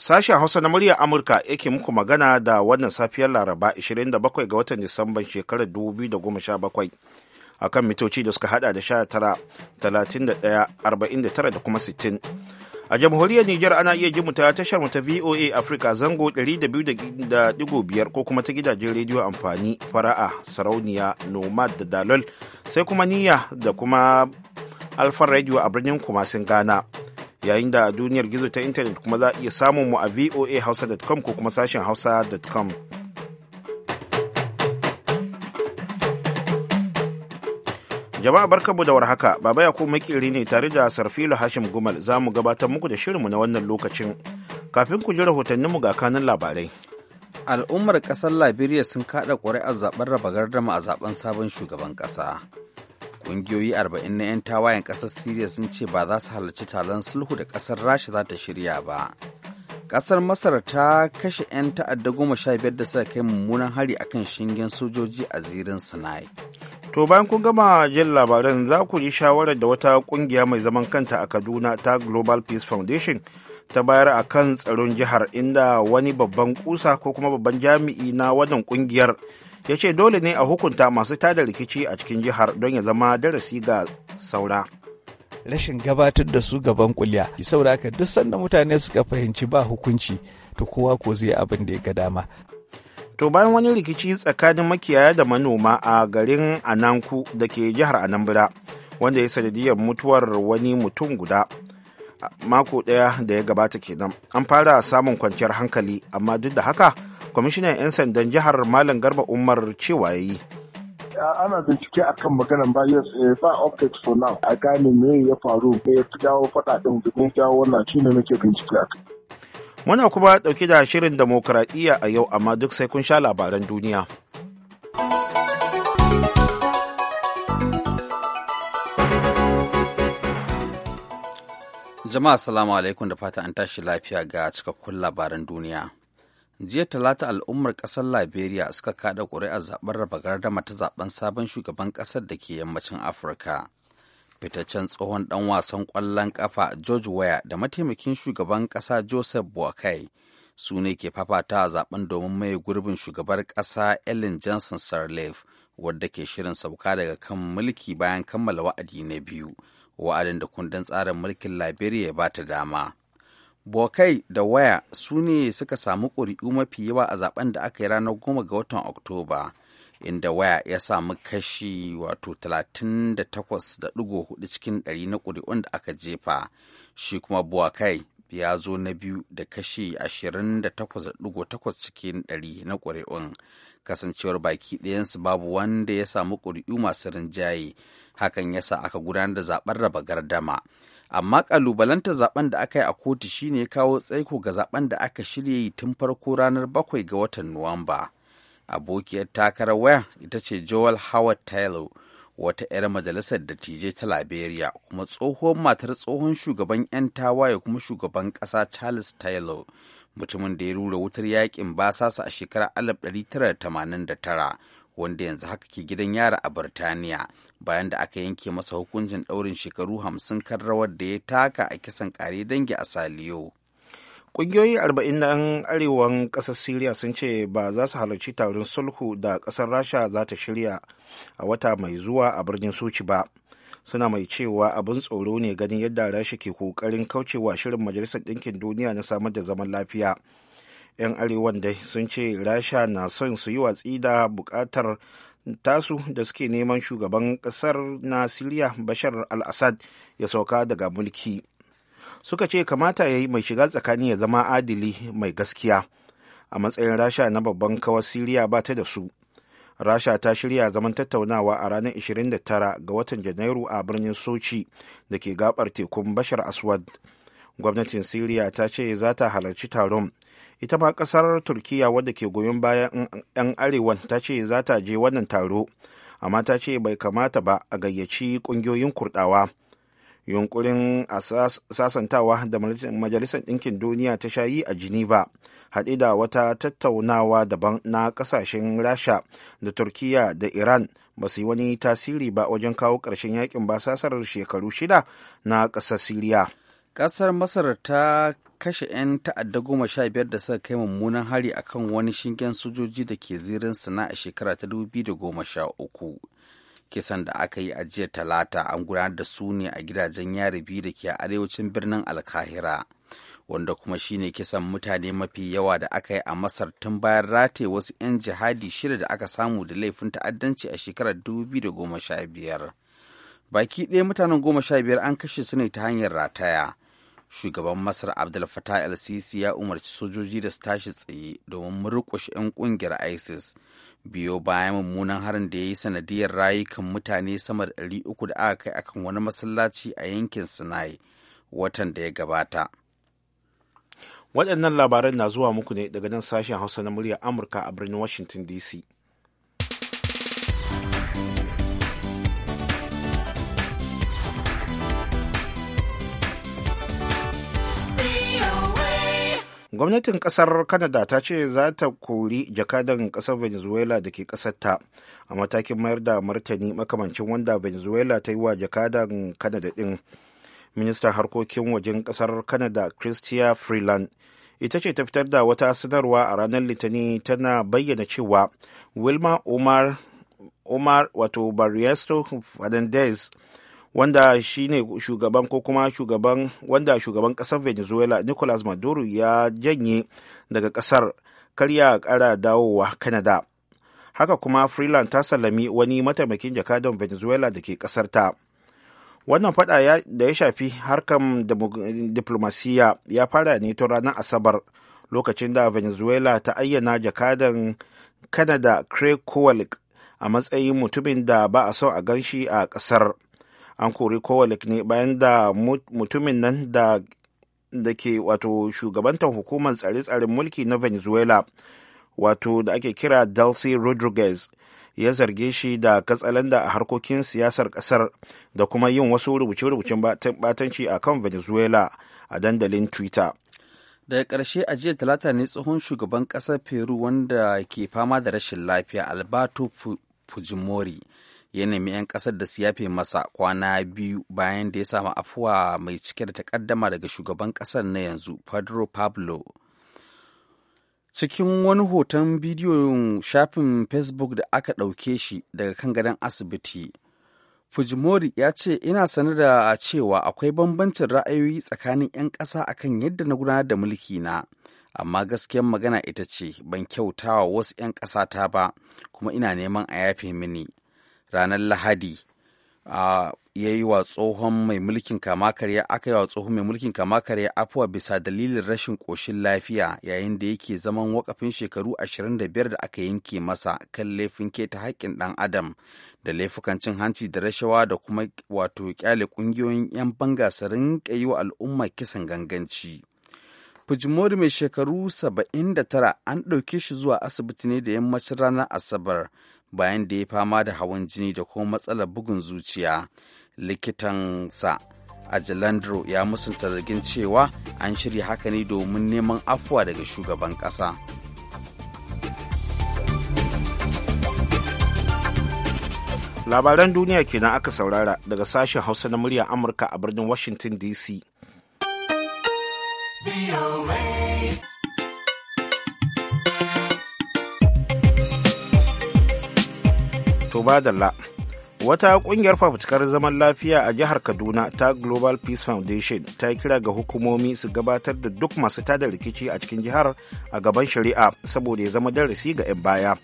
Sashen Hausa na muryar Amurka yake muku magana da wannan safiyar Laraba 27 ga watan Disamban shekarar 2017 a kan mitoci da suka hada da 19, 31, 49 da kuma 60. A jamhuriyar niger ana iya ji ta tashar ta VOA Africa zango 200.5 ko kuma ta gidajen rediyo amfani fara'a sarauniya nomad da dalol sai kuma niya da kuma alfa radio a birnin kumasin Ghana. yayin da duniyar gizo ta intanet kuma za a iya samun mu a voahausa.com ko kuma sashen hausa.com. Jama'a barkanmu da warhaka, Baba Yakubu Makiri ne tare da sarfilo Hashim Gumal za mu gabatar muku da shirinmu na wannan lokacin. Kafin ku ji rahotanninmu ga kanan labarai. Al'ummar kasar Liberia sun kaɗa ƙuri'ar zaben raba gardama a zaɓen sabon shugaban ƙasa. Ƙungiyoyi 40 na 'yan tawayen ƙasar Siriya sun ce ba za su halarci taron sulhu da ƙasar Rasha za ta shirya ba. Ƙasar Masar ta kashe 'yan ta'adda goma sha biyar da suka kai mummunan hari akan shingen sojoji a zirin Sinai. To bayan kun gama jin labaran za ku ji shawarar da wata ƙungiya mai zaman kanta a Kaduna ta Global Peace Foundation ta bayar a kan tsaron jihar inda wani babban kusa ko kuma babban jami'i na wannan kungiyar ya ce dole ne a hukunta masu tada rikici a cikin jihar don ya zama darasi ga saura rashin gabatar da su gaban kuliya ki sauraka duk sanda mutane suka fahimci ba hukunci to kowa ko zai abin da ya ga dama to bayan wani rikici tsakanin makiyaya da manoma a garin ananku da ke jihar anambra wanda ya sanadiyar mutuwar wani mutum guda mako ɗaya da ya gabata kenan an fara samun kwanciyar hankali amma duk da haka kwamishinan 'yan sandan jihar malam garba umar cewa ya yi ana bincike a kan maganan ba yes eh, ba update for now a gane me ya faru me ya jawo faɗa ɗin domin jawo wannan ne nake bincike kan muna kuma ɗauke da shirin demokuraɗiyya a yau amma duk sai kun sha labaran duniya jama'a salamu alaikum da fata an tashi lafiya ga cikakkun labaran duniya jiya talata al'ummar ƙasar liberia suka kada ƙuri'ar zaɓen raba gardama ta zaɓen sabon shugaban ƙasar da ke yammacin afirka fitaccen tsohon ɗan wasan ƙwallon ƙafa george waya da mataimakin shugaban ƙasa joseph boakai su ne ke fafata a zaɓen domin mai gurbin shugabar ƙasa ellen johnson sirleaf wadda ke shirin sauka daga kan mulki bayan kammala wa'adi na biyu wa'adin da kundin tsarin mulkin liberia ba ta dama bokai da waya su ne suka samu ƙuri'u mafi yawa a zaben da aka yi ranar goma ga watan oktoba inda waya ya samu kashi wato 38.4 cikin 100 na ƙuri'un da aka jefa shi kuma bokai ya zo na biyu da kashi 28.8 cikin 100 na ƙuri'un kasancewar baki ɗayansu babu wanda ya samu ƙuri'u masu rinjaye hakan yasa aka gudanar da zaben raba gardama amma kalubalantar zaben da aka yi a kotu shine ya kawo tsaiko ga zaben da aka shirya yi tun farko ranar bakwai ga watan nuwamba abokiyar takarar waya ita ce joel howard taylor wata 'yar majalisar dattijai ta liberia kuma tsohon matar tsohon shugaban 'yan tawaye kuma shugaban ƙasa charles taylor mutumin da ya rura wutar yakin basasa a shekarar 1989 wanda yanzu haka ke gidan yara a Birtaniya bayan da aka yanke masa hukuncin ɗaurin shekaru hamsin kan rawar da ya taka a kisan kare dangi a Saliyo. Ƙungiyoyi arba'in na arewan ƙasar Siriya sun ce ba za su halarci taron sulhu da ƙasar Rasha za ta shirya a wata mai zuwa a birnin Sochi ba. Suna mai cewa abin tsoro ne ganin yadda Rasha ke kokarin kaucewa shirin Majalisar Ɗinkin Duniya na samar da zaman lafiya. 'yan arewan dai sun ce rasha na son su yi watsi da bukatar tasu da suke neman shugaban kasar na siriya bashar al-assad ya sauka daga mulki suka ce kamata ya yi mai shiga tsakani ya zama adili mai gaskiya a matsayin rasha na babban kawar siriya ba ta da su rasha ta shirya zaman tattaunawa a ranar 29 ga watan janairu a birnin sochi da ke gabar tekun bashar aswad gwamnatin siriya ta ce za ta halarci taron ita ma kasar turkiya wadda ke goyon bayan 'yan arewa ta ce za ta je wannan taro amma ta ce bai kamata ba a gayyaci kungiyoyin kurdawa yunkurin a sasantawa da majalisar ɗinkin duniya ta shayi a geneva haɗe da wata tattaunawa daban na ƙasashen rasha da turkiya da iran ba su yi wani tasiri ba wajen kawo ƙarshen yakin basasar shekaru shida na ƙasar siriya Ƙasar Masar ta kashe 'yan ta'adda goma sha biyar da suka kai mummunan hari a kan wani shingen sojoji da ke zirin sana a shekara ta da goma sha uku. Kisan da aka yi a jiya talata an gudanar da su ne a gidajen yari biyu da ke arewacin birnin Alkahira. wanda kuma shine kisan mutane mafi yawa da aka yi a masar tun bayan rataye wasu 'yan jihadi shida da aka samu da laifin ta'addanci a shekarar 2015 baki ɗaya mutanen goma sha biyar an kashe su ne ta hanyar rataya shugaban masar abdul fatah el sisi ya umarci sojoji da su tashi tsaye domin murƙushe 'yan ƙungiyar isis biyo bayan mummunan harin da ya yi sanadiyar rayukan mutane sama da uku da aka kai akan wani masallaci a yankin sinai watan da ya gabata waɗannan labaran na zuwa muku ne daga nan sashen hausa na murya amurka a birnin washington dc gwamnatin kasar canada ta ce za ta kori jakadan kasar venezuela da ke kasarta a matakin mayar da martani makamancin wanda venezuela ta yi wa jakadan kanada din ministan harkokin wajen kasar canada christia freeland ita ce ta fitar da wata sanarwa a ranar litinin tana bayyana cewa wilma omar omar wato barriesto fernandez wanda shi ne shugaban ko kuma shugaban wanda shugaban kasar venezuela nicolas maduro ya janye daga kasar karya kara dawowa canada haka kuma freeland ta sallami wani mataimakin jakadan venezuela da ke kasar ta wannan fada da ya shafi harkar diplomasiya ya fara ne tun ranar asabar lokacin da venezuela ta ayyana jakadan canada craig kowalik a matsayin mutumin da ba a so a ganshi a kasar an kori kowalik ne bayan da mutumin nan da ke wato shugabantar hukumar tsare-tsaren mulki na venezuela wato da ake kira delcy rodriguez ya zarge shi da katsalanda a harkokin siyasar kasar da kuma yin wasu rubuce-rubucen batanci a kan venezuela a dandalin twitter daga ƙarshe a jiya talata ne tsohon shugaban ƙasar peru wanda ke fama da rashin lafiya alberto fujimori ya nemi 'yan kasar da su yafe masa kwana biyu bayan da ya samu afuwa mai cike da takaddama daga shugaban kasar na yanzu pedro pablo cikin wani hoton bidiyon shafin facebook da aka ɗauke shi daga kan gadon asibiti fujimori ya ce ina sanar da cewa akwai bambancin ra'ayoyi tsakanin 'yan ƙasa akan yadda na gudanar da mulki na amma gaskiyar magana ita ce ban kyautawa wasu 'yan ta ba kuma ina neman a yafe mini ranar lahadi ya yi wa tsohon mai mulkin kama karya aka yi wa tsohon mai mulkin kama karya afuwa bisa dalilin rashin ƙoshin lafiya yayin da yake zaman wakafin shekaru 25 da aka yanke masa kan laifin keta haƙƙin ɗan adam da laifukan cin hanci da rashawa da kuma wato kyale ƙungiyoyin 'yan banga su rinƙa yi wa al'umma kisan ganganci. Fujimori mai shekaru 79 an ɗauke shi zuwa asibiti ne da yammacin ranar Asabar bayan da ya fama da hawan jini da kuma matsalar bugun zuciya likitansa a jalandro ya musanta zargin cewa an shirya haka ne domin neman afuwa daga shugaban ƙasa. labaran duniya kenan aka saurara daga sashen hausa na murya amurka a birnin washington dc To badalla. Wata kungiyar fafutukar zaman lafiya a jihar Kaduna ta Global Peace Foundation ta yi kira ga hukumomi su gabatar da duk masu tada rikici a cikin jihar a gaban shari'a saboda ya zama darasi ga 'yan baya.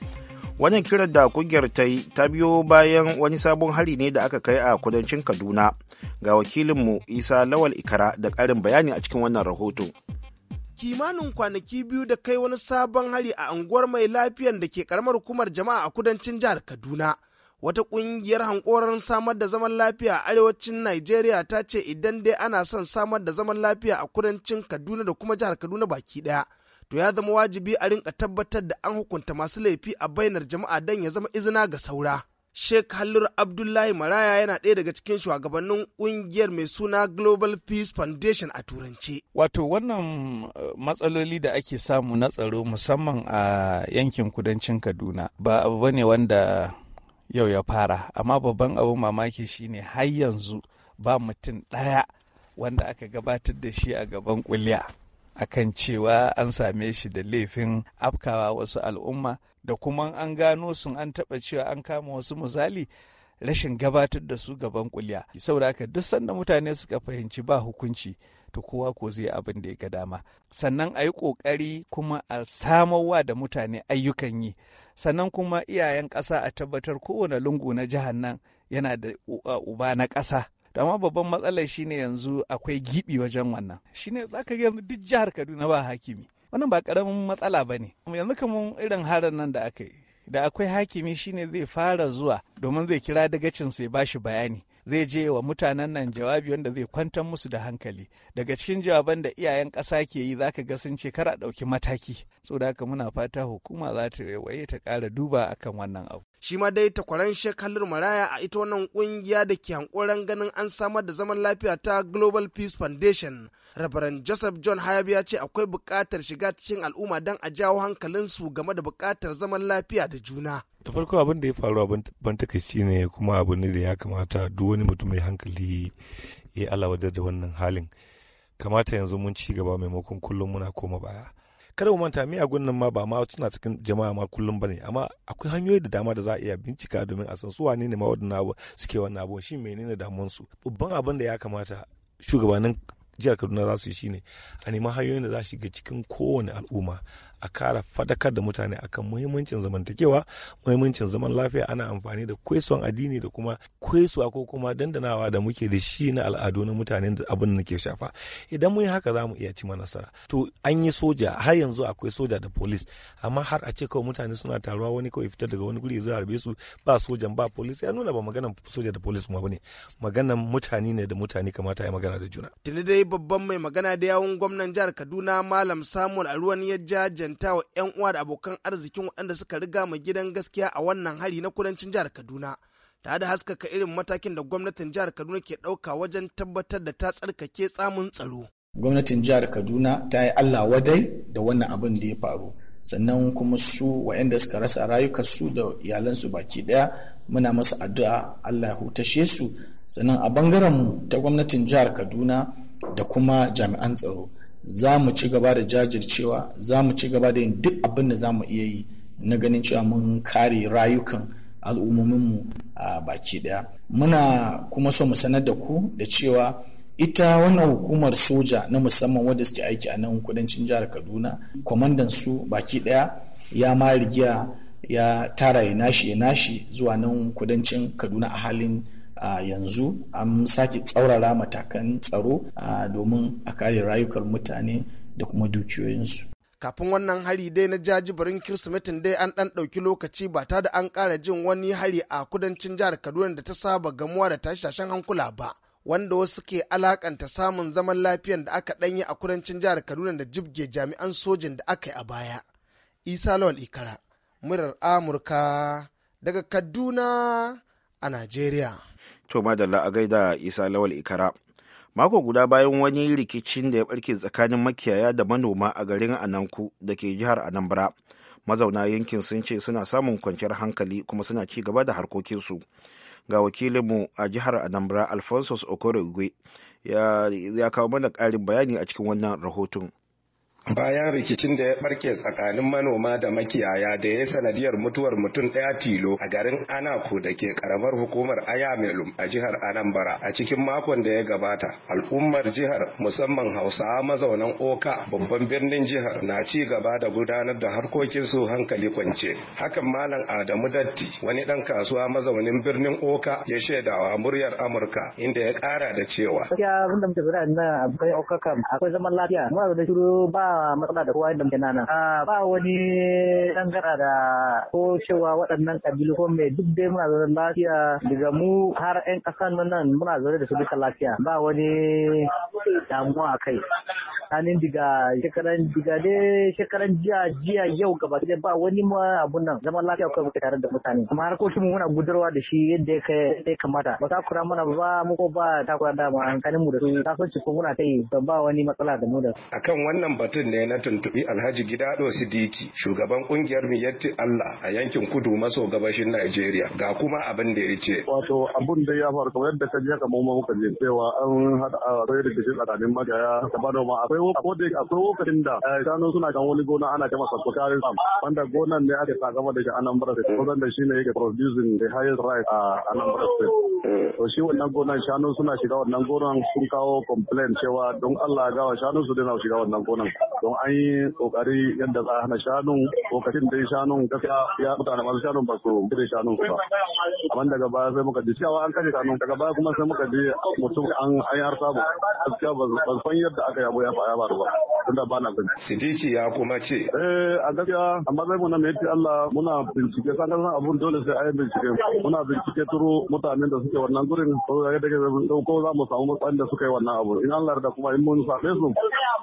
Wannan kiran da kungiyar ta yi ta biyo bayan wani sabon hari ne da aka kai a kudancin Kaduna. Ga wakilinmu Isa Lawal Ikara da ƙarin bayani a cikin wannan rahoto. kimanin kwanaki biyu da kai wani sabon hari a unguwar mai lafiyan da ke karamar hukumar jama'a a kudancin jihar kaduna wata ƙungiyar hankoron samar da zaman lafiya a arewacin Najeriya ta ce idan dai ana son samar da zaman lafiya a kudancin kaduna da kuma jihar kaduna baki ɗaya to ya zama wajibi a rinka tabbatar da an hukunta masu laifi a bainar jama'a don ya zama izina ga saura Sheikh Halur Abdullahi Maraya yana ɗaya daga cikin shugabannin ƙungiyar mai suna Global Peace Foundation a turanci Wato wannan eh, matsaloli da ake samu na tsaro musamman a yankin kudancin Kaduna ba abu bane wanda yau ya fara, amma babban abu mamaki shine har yanzu ba mutum ɗaya wanda aka gabatar da shi a gaban kuliya. akan cewa an same shi da laifin afkawa wasu al'umma da kuma an gano sun an taɓa cewa an kama wasu misali rashin gabatar da su gaban kuliya saboda haka duk sanda mutane suka fahimci ba hukunci to kowa ko zai abin da ya ga dama sannan a yi ƙoƙari kuma a wa da mutane ayyukan yi sannan kuma iyayen ƙasa a tabbatar kowane lungu na jihar nan yana da uba na ƙasa to amma babban matsalar shine yanzu akwai gibi wajen wannan shine zaka ga duk jihar Kaduna ba hakimi wannan ba karamin matsala bane yanzu kamar irin harin nan da aka yi da akwai hakimi shine zai fara zuwa domin zai kira dagacin sai bashi bayani zai je wa mutanen nan jawabi wanda zai kwantar musu da hankali daga cikin jawaban da iyayen ƙasa ke yi zaka ga sun ce kar a ɗauki mataki saboda haka muna fata hukuma za ta waye ta ƙara duba akan wannan abu shi ma dai takwaran shekalar maraya a ita wannan kungiya da ke hankoran ganin an samar da zaman lafiya ta global peace foundation rabaran joseph john hayab ya ce akwai buƙatar shiga cikin al'umma don a jawo hankalinsu game da buƙatar zaman lafiya da juna da farko abin da ya faru a ban takaici ne kuma abu ne da ya kamata duk wani mutum mai hankali ya alawadar da wannan halin kamata yanzu mun ci gaba maimakon kullum muna koma baya kada mu manta miyagun nan ma ba ma suna cikin jama'a ma kullum bane amma akwai hanyoyi da dama da za a iya bincika domin a san su wane ne ma wadannan abu suke wannan abu shi menene damuwar su babban abin da ya kamata shugabannin jihar Kaduna za su yi shine a neman hanyoyin da za a shiga cikin kowane al'umma a kara fadakar da mutane akan muhimmancin zamantakewa muhimmancin zaman lafiya ana amfani da kwaison addini da kuma kwaisuwa ko kuma dandanawa da muke da shi na al'adu na mutane da abin da ke shafa idan mun yi haka za mu iya cima nasara to an yi soja har yanzu akwai soja da polis amma har a ce kawai mutane suna taruwa wani kawai fitar daga wani guri zuwa harbe su ba sojan ba polis ya nuna ba maganan soja da polis ma bane maganan mutane ne da mutane kamata ya magana da juna tunda dai babban mai magana da yawun gwamnan jihar Kaduna malam Samuel Aruwan ya jaja. jajanta wa 'yan uwa da abokan arzikin waɗanda suka riga mu gidan gaskiya a wannan hari na kudancin jihar Kaduna. Ta da haskaka irin matakin da gwamnatin jihar Kaduna ke ɗauka wajen tabbatar da ta tsarkake tsamun tsaro. Gwamnatin jihar Kaduna ta yi Allah wadai da wannan abin da ya faru. Sannan kuma su waɗanda suka rasa su da iyalansu baki ɗaya muna masu addu'a Allah ya hutashe su. Sannan a bangaren mu ta gwamnatin jihar Kaduna da kuma jami'an tsaro. za mu ci gaba da jajircewa za mu ci gaba da yin duk abin da za mu iya yi na ganin cewa mun kare rayukan al'ummominmu a baki daya muna kuma so mu sanar da ku da cewa ita wannan hukumar soja na musamman wadda suke aiki a nan kudancin jihar kaduna kwamandan su baki daya ya ma rigiya ya tara ya nashi ya nashi zuwa nan kudancin kaduna a halin a yanzu an sake tsaurara matakan tsaro domin a kare rayukan mutane da kuma dukiyoyinsu kafin wannan hari dai na jajibirin kirsimetin dai an ɗan ɗauki lokaci ba ta da an ƙara jin wani hari a kudancin jihar kaduna da ta saba gamuwa da tashashen hankula ba wanda wasu ke alakanta samun zaman lafiyar da aka ɗanyi a kudancin jihar kaduna da jibge jami'an sojin da aka yi a baya isa lawal ikara murar amurka daga kaduna a najeriya to madalla a gaida isa lawal ikara mako guda bayan wani rikicin da ya barke tsakanin makiyaya da manoma a garin ananku da ke jihar anambra mazauna yankin sun ce suna samun kwanciyar hankali kuma suna ci gaba da harkokinsu ga wakilinmu a jihar anambra alphonsus okorogwe ya, ya kawo mana ƙarin bayani a cikin wannan rahoton bayan rikicin da ya barke tsakanin manoma da makiyaya da ya sanadiyar mutuwar mutum ɗaya tilo a garin anako da ke karamar hukumar ayamelum a jihar anambra a cikin makon da ya gabata al'ummar jihar musamman hausawa mazaunan oka babban birnin jihar na ci gaba da gudanar da harkokinsu hankali kwance hakan malam adamu datti wani dan kasuwa mazaunin birnin oka ya shaidawa muryar amurka inda ya kara da cewa akwai zaman lafiya matsala da kowa yadda muke nan ah, ba wani dangara da ko cewa waɗannan kabilu ko mai duk dai muna zaune lafiya daga mu har 'yan ƙasan nan muna zaune da su duka lafiya ba wani damuwa a kai tsakanin diga shekaran diga ne shekaran jiya jiya yau gaba ɗaya ba wani ma abun nan zaman lafiya kawai muke tare da mutane kuma harkokin mu muna gudarwa da shi yadda ya kamata ba ta kura mana ba mu ko ba ta kura da mu an kanin mu da su ta ko muna ta yi ba wani matsala da mu da akan wannan batun lokacin ne na tuntubi Alhaji Gidado Sidiki shugaban kungiyar Miyatti Allah a yankin kudu maso gabashin Najeriya ga kuma abin da ya ce. Wato abun da ya faru kamar yadda ka je ka mamma muka je cewa an haɗa a rai da kishin tsakanin magaya da manoma akwai akwai lokacin da eh, shanu suna kan wani gona ana kama sabbi karin sam wanda gonan ne aka sa gaba da shi Anambra State kusan da ne yake producing the highest rice a Anambra State. To shi wannan gonan shanu suna shiga wannan gonan sun kawo complain cewa don Allah ya gawa shanu su dina shiga wannan gonan. don an yi kokari yadda za a shanu shanun lokacin da shanu gaskiya ya mutane masu shanu ba su gida shanun ba amma daga baya sai muka ji cewa an kashe shanu daga baya kuma sai muka ji mutum an an har samu gaskiya ba san yadda aka yabo ya faɗa ba ba tunda ba na gani sidiki ya kuma ce eh a gaskiya amma sai mu na mai Allah muna bincike san kan abun dole sai ayi bincike muna bincike turo mutanen da suke wannan gurin ko ga daga ko za mu samu matsayin da suka yi wannan abu in Allah da kuma in mun same su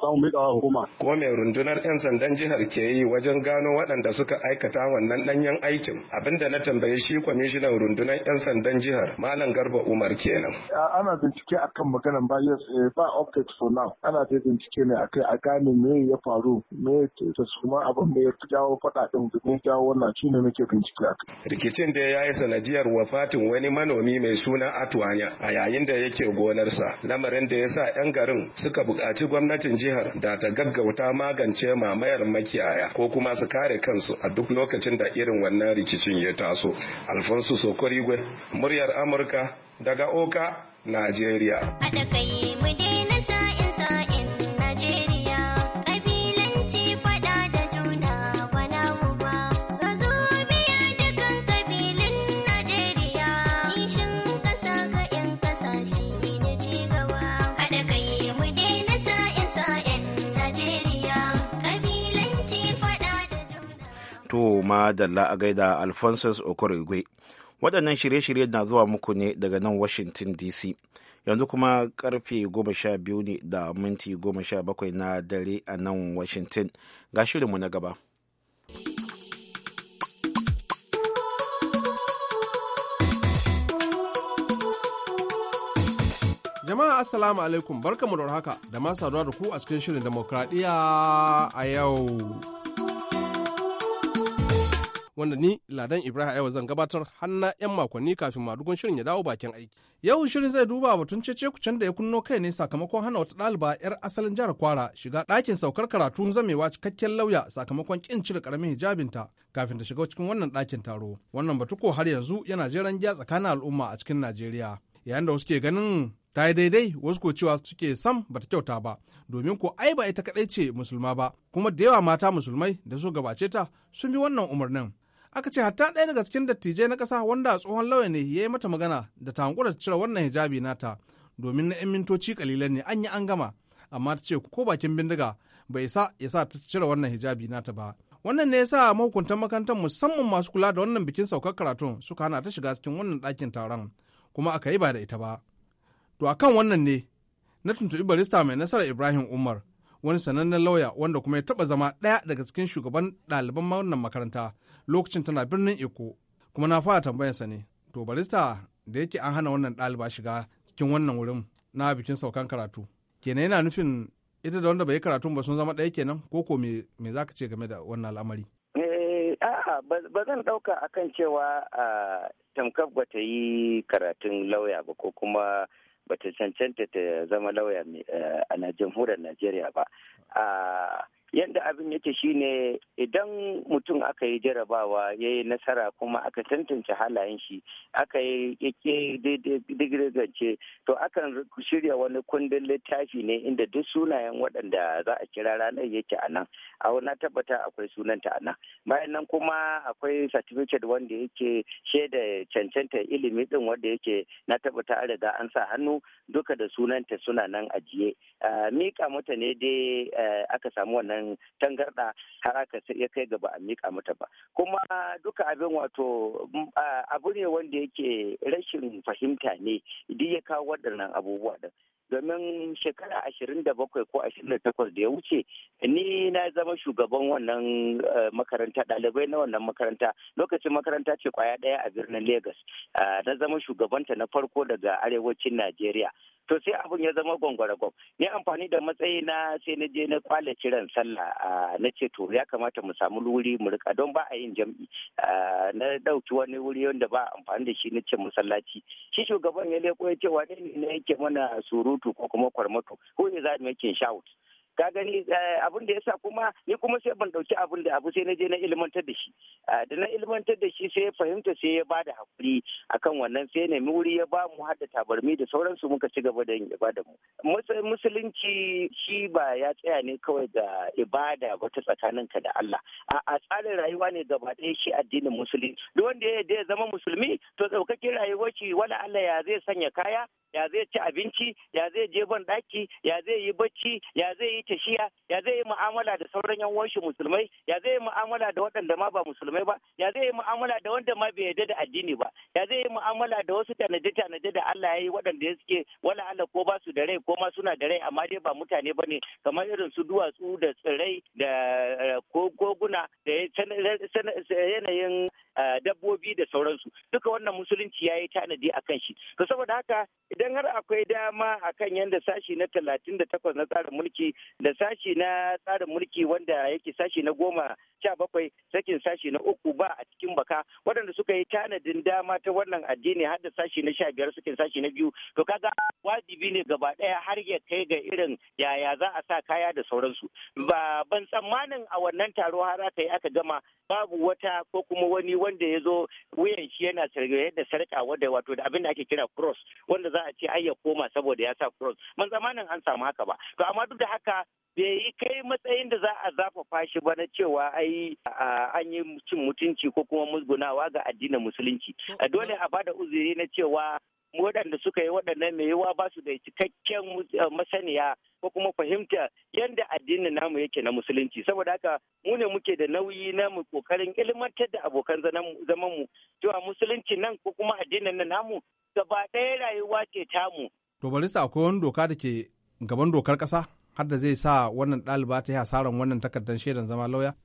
za mu miƙa hukuma ko mai rundunar 'yan sandan jihar ke yi wajen gano waɗanda suka aikata wannan ɗanyen aikin abinda na tambayi shi kwamishinan rundunar 'yan sandan jihar malam garba umar kenan ana bincike akan maganan ba yes eh, ba update for now ana dai bincike ne akai a gane me ya faru me ta suma abin da ya jawo faɗa ɗin da ya jawo wannan shi ne muke bincike akai rikicin da ya yi sanadiyar wafatin wani manomi mai suna atuwanya a yayin da yake gonarsa lamarin da ya sa 'yan garin suka buƙaci gwamnatin jihar da ta gaggauta ta magance mamayar makiyaya ko kuma su kare kansu a duk lokacin da irin wannan rikicin ya taso alfonso sokorigwe muryar amurka daga oka najeriya haɗa mu daina sa'in To da a da Alphonsus Okorigwe. Waɗannan shirye-shirye na zuwa muku ne daga nan Washington DC. Yanzu kuma karfe goma sha biyu ne da minti goma sha bakwai na dare a nan Washington. Ga mu na gaba. Jama'a Assalamu alaikum barkamu da haka da masu saduwa da ku a cikin shirin demokradiyya a yau. wanda ni Ladan Ibrahim Aiwa zan gabatar hanna 'yan makonni kafin madugun shirin ya dawo bakin aiki. Yau shirin zai duba batun cece kucen da ya kunno kai ne sakamakon hana wata ɗaliba 'yar asalin jihar Kwara shiga ɗakin saukar karatun zamewa cikakken lauya sakamakon kin cire ƙaramin hijabinta kafin ta shiga cikin wannan ɗakin taro. Wannan batu ko har yanzu yana jeran giya tsakanin al'umma a cikin Najeriya. Yayin da wasu ke ganin ta yi daidai wasu ko cewa suke sam bata kyauta ba domin ko ai ba ita kaɗai ce musulma ba kuma da yawa mata musulmai da su gabace ta sun bi wannan umarnin aka ce hatta ɗaya daga cikin dattijai na ƙasa wanda a tsohon lauya ne ya yi mata magana da ta hankura ta cire wannan hijabi nata domin na 'yan mintoci kalilan ne an yi an gama amma ta ce ko bakin bindiga bai sa ya sa ta cire wannan hijabi nata ba wannan ne ya sa mahukuntan makarantar musamman masu kula da wannan bikin saukar karatun suka hana ta shiga cikin wannan ɗakin taron kuma aka yi ba da ita ba to akan wannan ne na tuntuɓi barista mai nasarar ibrahim umar wani sanannen lauya wanda kuma ya taba zama ɗaya daga cikin shugaban ɗaliban wannan makaranta lokacin tana birnin Eko kuma na fara tambayarsa ne to barista da yake an hana wannan ɗaliba shiga cikin wannan wurin na bikin saukan karatu kenan yana nufin ita da wanda bai karatu ba sun zama ɗaya kenan ko ko me me zaka ce game da wannan al'amari eh, a'a ba zan dauka akan cewa ah, tamkar ba ta yi karatun lauya ba ko kuma bata cancanta ta zama lauya eh, a jamhuriyar najeriya ba ah, yadda abin yake shine idan mutum aka yi jarabawa ya yi nasara kuma aka tantance halayen shi aka yi digirgance to akan shirya wani kundin littafi ne inda duk sunayen waɗanda za a kira ranar yake a nan a na tabbata akwai sunanta a nan bayan nan kuma akwai certificate wanda yake shaida cancanta ilimi din wanda yake na tabbata an riga an sa hannu duka da sunanta suna nan ajiye mika mutane ne dai eh, aka samu wannan wannan tangarɗa har aka ya kai gaba a miƙa mata ba kuma duka abin wato mm, abu ne wanda yake rashin fahimta ne duk ya kawo waɗannan abubuwa da domin shekara ashirin da bakwai ko ashirin da takwas da ya wuce ni na zama shugaban wannan eh, makaranta ɗalibai na wannan makaranta lokacin makaranta ce kwaya ɗaya a birnin lagos ah, na zama shugabanta na farko daga arewacin najeriya to sai abin ya zama gwangwarakon ni amfani da matsayi na sai na je na kwale kiran sallah na ce to ya kamata mu samu wuri mu rika don ba a yin jam'i na dauki wani wuri wanda ba amfani da shi na ce masallaci shi shugaban ya leko ya ce wane ne yake mana surutu ko kuma kwarmato ko ne za mu yake shout ka gani eh, abin da yasa kuma ni kuma sai ban dauki abin da abu sai na je na ilmantar da shi ah, da na ilmantar da shi sai fahimta sai ya bada hakuri akan wannan sai nemi wuri ya ba mu hadda tabarmi da sauransu muka ci gaba da yin ibada mu musulunci shi ba ya tsaya ne kawai ga ibada ba ta tsakanin ka da Allah a tsarin rayuwa ne gaba ɗaya shi addinin musulunci duk wanda ya zama musulmi to tsaukakin rayuwar shi wala Allah ya zai sanya kaya ya zai ci abinci ya zai je ban daki ya zai yi bacci ya zai yi tashiya ya zai yi mu'amala da sauran yan musulmai ya zai yi mu'amala da waɗanda ma ba musulmai ba ya zai yi mu'amala da wanda ma bai yarda da addini ba ya zai yi mu'amala da wasu tanaje tanaje da Allah ya yi waɗanda ya suke wala Allah ko ba su da rai ko ma suna da rai amma dai ba mutane ba ne kamar irin su duwatsu da tsirrai da eh, koguna da yanayin Eh, dabbobi da sauransu duka wannan musulunci ya yi tanadi a kan shi to saboda haka idan har akwai dama a kan yadda sashi na talatin da takwas na tsarin mulki da sashi na tsarin mulki wanda yake sashi na goma sha bakwai sakin sashi na uku ba a cikin baka waɗanda suka yi tanadin dama ta wannan addini har da sashi na sha biyar sakin sashi na biyu to kaga wajibi ne gaba ɗaya har ya kai ga irin yaya za a sa kaya da sauransu ba ban tsammanin a wannan taro har aka yi aka gama babu wata ko kuma wani wanda ya zo wuyan shi yana sargaye da sarka wadda wato da abin da ake kira cross wanda za a ce ai ya koma saboda ya sa cross man zamanin an samu haka ba to amma duk da haka bai yi kai matsayin da za a zafafa shi ba na cewa ai an yi cin mutunci ko kuma musgunawa ga addinin musulunci dole a bada uzuri na cewa waɗanda suka yi waɗannan mai yiwa ba su da cikakken eh, masaniya ko kuma fahimta yadda addinin namu yake na musulunci saboda haka mu ne muke da nauyi na mu kokarin ilmantar da abokan zaman mu cewa musulunci nan ko kuma addinin nan namu gaba ɗaya rayuwa ce tamu. to barista akwai wani doka da ke gaban dokar ƙasa har da zai sa wannan ɗaliba ta yi hasaran wannan takardar shaidan zama lauya.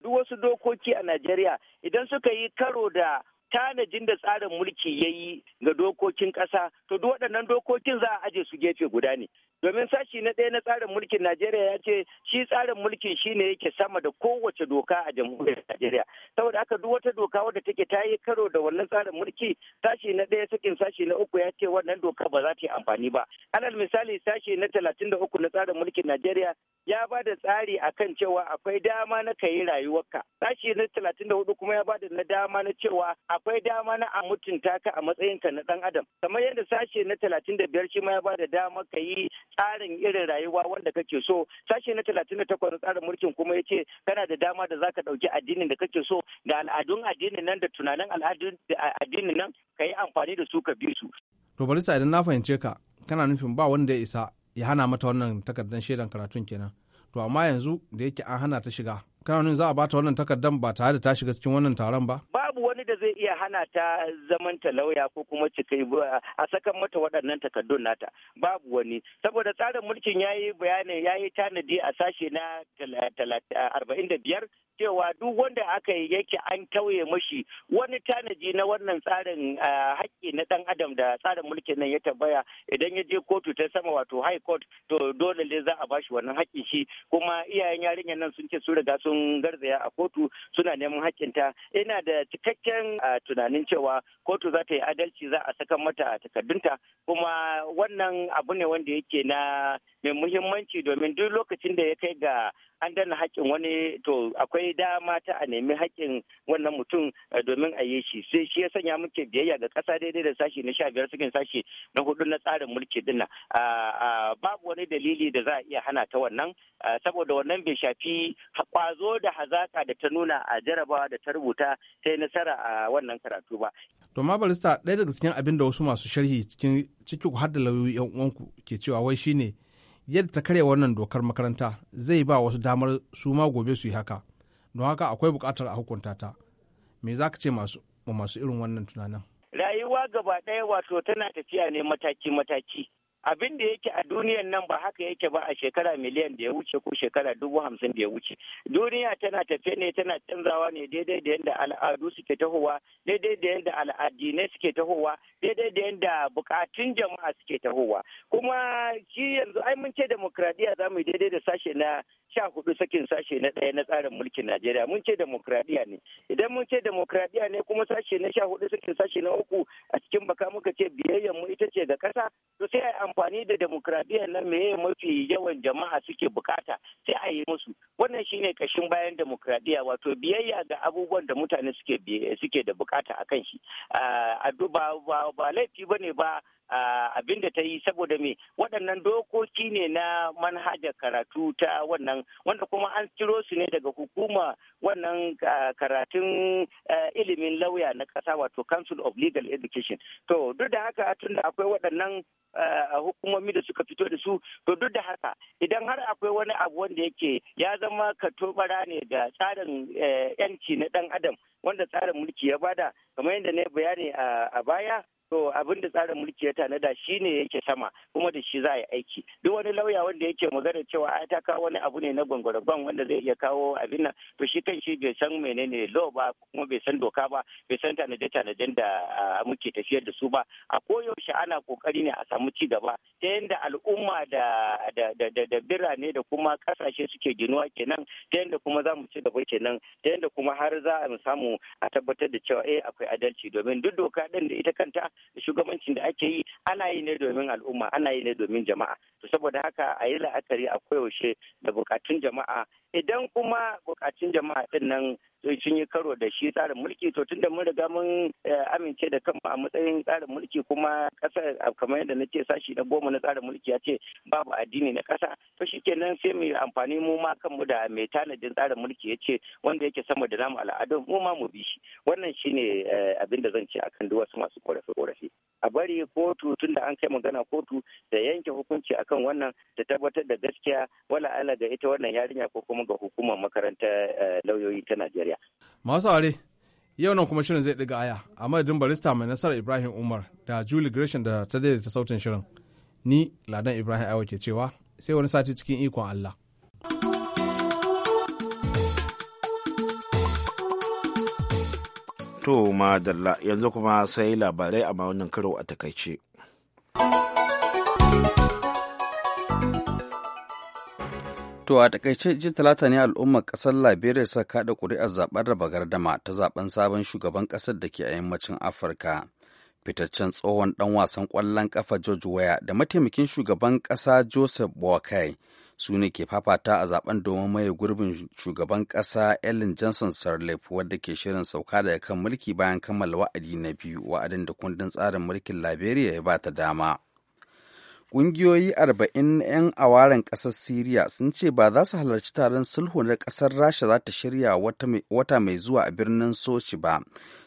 duk wasu dokoki a najeriya idan suka yi karo da tanajin da tsarin mulki ya yi ga dokokin ƙasa to duk waɗannan dokokin za a aje su gefe guda ne domin sashi na ɗaya na tsarin mulkin najeriya ya ce shi tsarin mulkin shine yake sama da kowace doka a jamhuriyar najeriya saboda haka duk wata doka wadda take ta yi karo da wannan tsarin mulki sashi na ɗaya sakin sashi na uku ya ce wannan doka ba za ta yi amfani ba alal misali sashi na talatin da uku na tsarin mulkin najeriya ya ba da tsari a kan cewa akwai dama na kayi rayuwarka sashi na talatin da hudu kuma ya ba da na dama na cewa akwai dama na a mutunta ka a matsayin ka na dan adam kamar yadda sashe na talatin da biyar shi ma ya ba da dama ka yi tsarin irin rayuwa wanda kake so sashe na talatin da takwas tsarin mulkin kuma ya ce kana da dama da zaka ɗauki addinin da kake so da al'adun addinin nan da tunanin al'adun addinin nan Kayi amfani da su ka bi su. to idan na fahimce ka kana nufin ba wanda ya isa ya hana mata wannan takardar shaidan karatun kenan to amma yanzu da yake an hana ta shiga kanun za a bata wannan takardar ba tare da ta shiga cikin wannan taron ba? Babu wani da zai iya hana ta zaman ta lauya ko kuma cikai a sakan mata waɗannan takardun nata. Babu wani. Saboda tsarin mulkin ya yi bayanin ya yi tanadi a sashe na 45 cewa duk wanda aka yi yake an tauye mashi wani tanadi na wannan tsarin haƙƙi na ɗan adam da tsarin mulkin nan ya tambaya idan ya je kotu ta sama wato high court to dole ne za a bashi wannan haƙƙin shi kuma iyayen yarinyar nan sun ce su riga sun sun garzaya a kotu suna neman hakinta ina da cikakken tunanin cewa kotu za ta yi adalci za a saka mata takardunta kuma wannan abu ne wanda yake na mai muhimmanci domin duk lokacin da ya kai ga an danna haƙƙin wani to akwai dama ta a nemi haƙƙin wannan mutum eh, domin a yi shi sai shi ya sanya muke biyayya ga ƙasa daidai da sashi na sha biyar cikin sashi na hudu na tsarin mulki din babu wani dalili da za a iya hana ta wannan saboda wannan bai shafi kwazo da hazaka da ta nuna a jarabawa da ta rubuta ta yi nasara a wannan karatu ba. to ma barista ɗaya daga cikin abin da wasu masu sharhi cikin ciki ku har da lauyoyin 'yan uwanku ke cewa wai shine yadda ta karya wannan dokar makaranta zai ba wasu damar su ma gobe su yi haka don haka akwai buƙatar a hukunta ta me za ka ce masu masu irin wannan tunanin rayuwa gaba ɗaya wato tana tafiya ne mataki mataki abin da yake a duniyan nan ba haka yake ba a shekara miliyan da ya wuce ko shekara dubu hamsin da ya wuce duniya tana tafiya ne tana canzawa ne daidai da yadda al'adu suke tahowa daidai da yadda al'adinai suke tahowa daidai da yadda bukatun jama'a suke tahowa kuma shi yanzu ai mun ce demokradiya za mu daidai da sashe na sha hudu sakin sashe na ɗaya na tsarin mulkin Najeriya mun ce demokradiya ne idan mun ce demokradiya ne kuma sashe na sha hudu sakin sashe na uku a cikin baka muka ce biyayyar mu ita ce ga ƙasa to sai a yi amfani da demokradiya na meye mafi yawan jama'a suke bukata sai a yi musu wannan shine kashin bayan demokradiya wato biyayya ga abubuwan da mutane suke suke da bukata akan shi ah, a ba ba laifi bane ba abin da ta yi saboda me waɗannan dokoki ne na manhajar karatu ta wannan wanda kuma an ciro su ne daga hukuma wannan karatun ilimin lauya na ƙasa wato council of legal education to duk da haka tun da akwai waɗannan hukumomi da suka fito da su to duk da haka idan har akwai wani abu wanda yake ya zama ka tobara ne da tsarin yanci na ɗan adam wanda tsarin mulki ya bada kamar yadda na bayani a baya to abin da tsarin mulki ya tanada shi ne yake sama kuma da shi za a yi aiki duk wani lauya wanda yake magana cewa ai ta kawo wani abu ne na gwangwaraban wanda zai iya kawo abin nan to shi kan shi bai san menene law ba kuma bai san doka ba bai san tanaje tanajen da muke tafiyar da su ba a koyaushe ana kokari ne a samu ci gaba ta yadda al'umma da da birane da kuma kasashe suke ginuwa kenan ta yadda kuma za mu ci gaba kenan ta yadda kuma har za mu samu a tabbatar da cewa eh akwai adalci domin duk doka din da ita kanta shugabancin da ake yi ana yi ne domin al'umma ana yi ne domin jama'a to saboda haka a yi la'akari a koyaushe da bukatun jama'a idan kuma bukatun jama'a din nan sun yi karo da shi tsarin mulki to tunda mun riga mun eh, amince da kanmu a matsayin tsarin mulki kuma kasar kamar yadda na ce sashi na goma na tsarin mulki ya ce babu addini na kasa to shi nan sai mu amfani mu ma kanmu da mai tanadin tsarin mulki ya ce wanda yake sama da namu al'adun mu ma mu bi shi wannan shine eh, abin da zan ce a kan wasu masu korafe korafe a bari kotu tunda an kai magana kotu da yanke hukunci akan wannan da tabbatar da gaskiya wala ala ga ita wannan yarinya ko kuma ga hukumar makarantar eh, lauyoyi ta Najeriya Najeriya. Masu are, yau nan kuma shirin zai ɗiga aya a madadin barista mai nasarar Ibrahim Umar da Julie Gresham da ta daidaita sautin shirin. Ni Ladan Ibrahim Aiwa ke cewa sai wani sati cikin ikon Allah. To madalla yanzu kuma sai labarai a wannan karo a takaice. To a takaice ji talata ne al'ummar kasar Liberia suka kada kuri'ar zaben raba gardama ta zaɓen sabon shugaban ƙasar da ke a yammacin Afirka. Fitaccen tsohon ɗan wasan kwallon ƙafa George Weah da mataimakin shugaban ƙasa Joseph Boakai su ne ke fafata a zaɓen domin maye gurbin shugaban ƙasa Ellen Johnson Sirleaf wadda ke shirin sauka daga kan mulki bayan kammala wa'adi na biyu wa'adin da kundin tsarin mulkin Liberia ya ba ta dama. Ƙungiyoyi arba'in na 'yan awaren ƙasar Siriya sun ce ba za su halarci taron sulhu na ƙasar Rasha za ta shirya wata mai zuwa a birnin Sochi ba.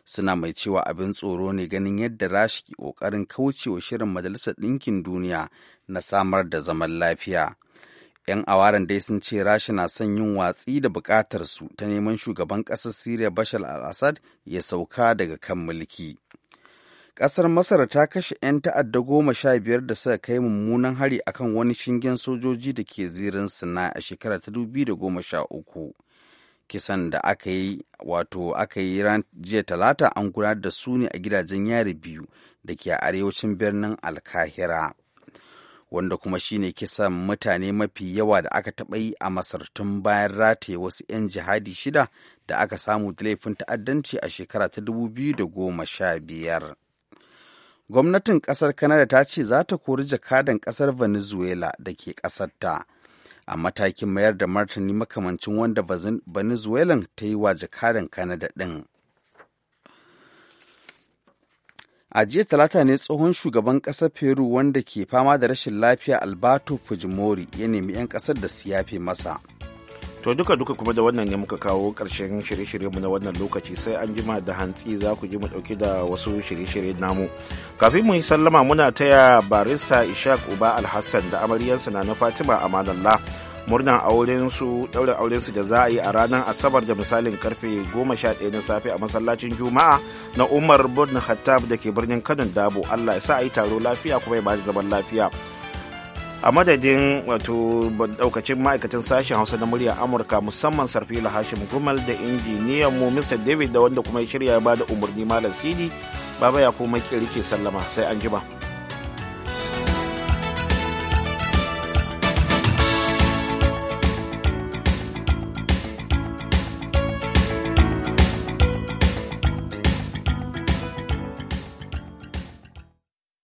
Suna mai cewa abin tsoro ne ganin yadda Rasha ke ƙoƙarin kaucewa shirin Majalisar Ɗinkin Duniya na samar da zaman lafiya. 'Yan awaren dai sun ce Rasha na son yin watsi da buƙatar su ta neman shugaban ƙasar Siriya Bashar al-Assad ya sauka daga kan mulki. ƙasar masar ta kashe 'yan ta'adda goma sha biyar da suka kai mummunan hari a kan wani shingen sojoji da ke zirin sina a shekara ta goma sha uku kisan da aka yi wato aka yi ran jiya talata an gudanar da su ne a gidajen yari biyu da ke a arewacin birnin alkahira wanda kuma shine kisan mutane mafi yawa da aka taɓa yi a masar tun bayan rataye wasu 'yan jihadi shida da aka samu da laifin ta'addanci a shekara ta 2015 gwamnatin ƙasar Canada ta ce za ta kori jakadan ƙasar Venezuela da ke ta A matakin mayar da martani makamancin wanda Venezuelan ta yi wa jakadan kanada ɗin. A jiya talata ne tsohon shugaban ƙasar Peru wanda ke fama da rashin lafiya Alberto Fujimori ya nemi 'yan ƙasar da su yafe masa. to duka duka kuma da wannan ne muka kawo karshen shirye mu na wannan lokaci sai an jima da hantsi za ku ji mu dauki da wasu shirye-shirye namu kafin mu yi sallama muna taya barista ishaq uba alhassan da amaryansa na na fatima amanallah murnan auren su auren su da za a yi a ranar asabar da misalin karfe 11 na safe a masallacin juma'a na umar bin khattab da ke birnin kanun dabo allah ya sa a yi taro lafiya kuma ya ba zaman lafiya a madadin wato daukacin ma'aikatan sashen hausa na murya amurka musamman sarfila hashim gumal da injiniyan mu mr david da wanda kuma ya shirya ya bada umarni malam sidi baba ya kuma kirki sallama sai an jima.